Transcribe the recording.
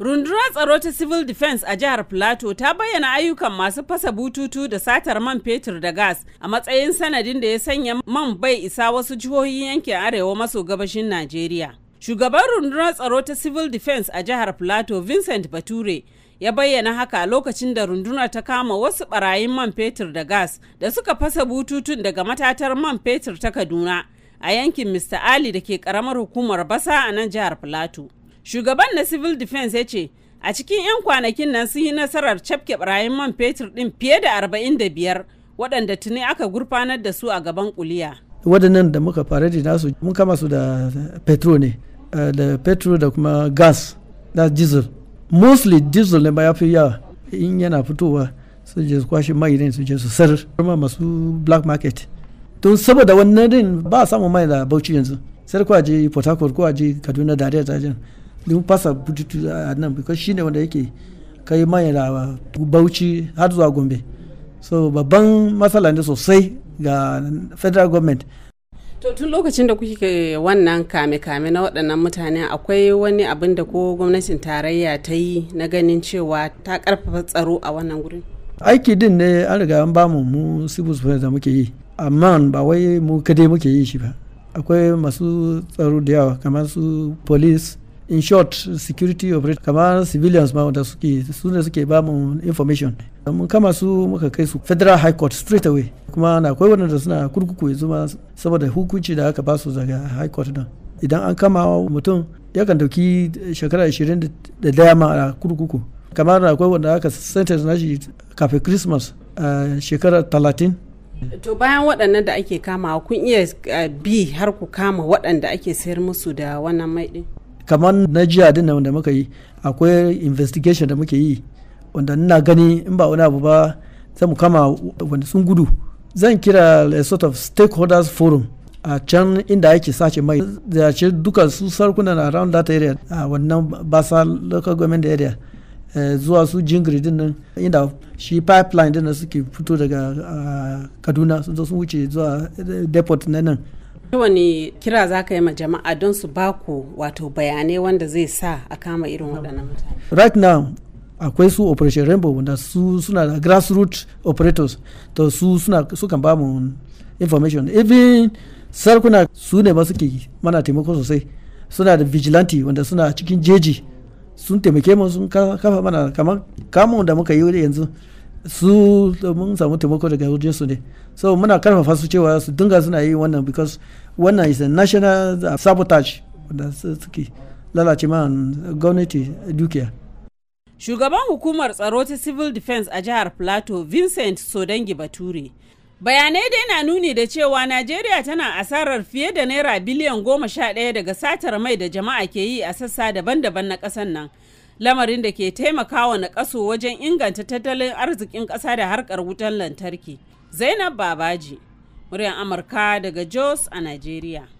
Rundunar tsaro ta Civil Defense a jihar Plateau ta bayyana ayyukan masu fasa bututu da satar man fetur da gas a matsayin sanadin da ya sanya man bai isa wasu jihohin yankin arewa maso gabashin Najeriya. Shugaban rundunar tsaro ta Civil Defense a jihar Plateau Vincent Bature ya bayyana haka lokacin da rundunar ta kama wasu barayin man fetur da gas da suka fasa bututun daga matatar man fetur ta Kaduna a yankin Mr. Ali da ke karamar hukumar Basa a nan jihar Plateau. Shugaban na Civil Defense ya ce, a cikin 'yan kwanakin nan sun yi nasarar cafke barayin man fetur ɗin fiye da arba'in da biyar waɗanda tuni aka gurfanar da su a gaban kuliya. waɗannan da muka fara da nasu mun kama su da petro ne eh, da petro da kuma gas da diesel mostly diesel ne ba ya fi yawa in yana fitowa su je kwashe mai ne su je su sar kuma masu black market tun saboda wannan din ba samu mai da bauchi yanzu sai ko aje port harcourt ko aje kaduna da dariya ta mun fasa bututu a nan because shine wanda yake kai mai da bauchi har zuwa gombe so babban matsala ne sosai ga federal government to tun lokacin da kuke wannan kame-kame na waɗannan mutane akwai wani abin da ko gwamnatin tarayya ta yi na ganin cewa ta ƙarfafa tsaro a wannan gurin aiki din ne an riga an bamu mu civil da muke yi amma ba wai mu kade muke yi shi ba akwai masu tsaro da yawa kamar su police in short security operation kamar civilians ma wanda suke su suke ba mu information mun kama su muka kai su federal high court straight away kuma na akwai wanda suna kurkuku yanzu ma saboda hukunci da aka ba su daga high court din idan an kama mutum yakan dauki shekara 20 da daya ma a kurkuku kamar na akwai wanda aka sentence na shi kafin christmas a shekara 30 to bayan waɗannan da ake kama kun iya eh, bi har ku kama waɗanda ake sayar musu da wannan mai kamar na jiya din da muka yi akwai investigation da muke yi wanda ina gani in ba wani abu ba za mu kama wanda sun gudu zan kira sort of stakeholders forum a can inda ake sace mai da ce duka su sarkunan around that area a wannan basa local government area eh, zuwa su jingiri din nan inda shi pipeline din suke fito daga ah, kaduna sun zo sun wuce zuwa eh, depot na nan wani kira za ka yi ma jama'a don su baku wato bayanai wanda zai sa a kama irin waɗannan mutane right now akwai su operation rainbow wanda su suna da grassroots operators to su suna su kan ba mu information even sarkuna su ne masu ke mana taimako sosai suna da vigilante wanda suna cikin jeji sun taimake mu sun kafa mana kamar kamun da muka yi yanzu su mun samu taimako daga wajen su ne so muna karfafa su cewa su dinga suna yi wannan because wannan is a national uh, sabotage da suke lalace ma gwamnati dukiya shugaban hukumar tsaro ta civil defense a jihar plateau vincent sodangi bature bayanai dai na nuni da cewa najeriya tana asarar fiye da naira biliyan goma sha daya daga satar mai da jama'a ke yi a sassa daban-daban na kasan nan lamarin da ke taimakawa na kaso wajen inganta tattalin arzikin ƙasa da harkar wutan lantarki zainab babaji muryar amurka daga jos a najeriya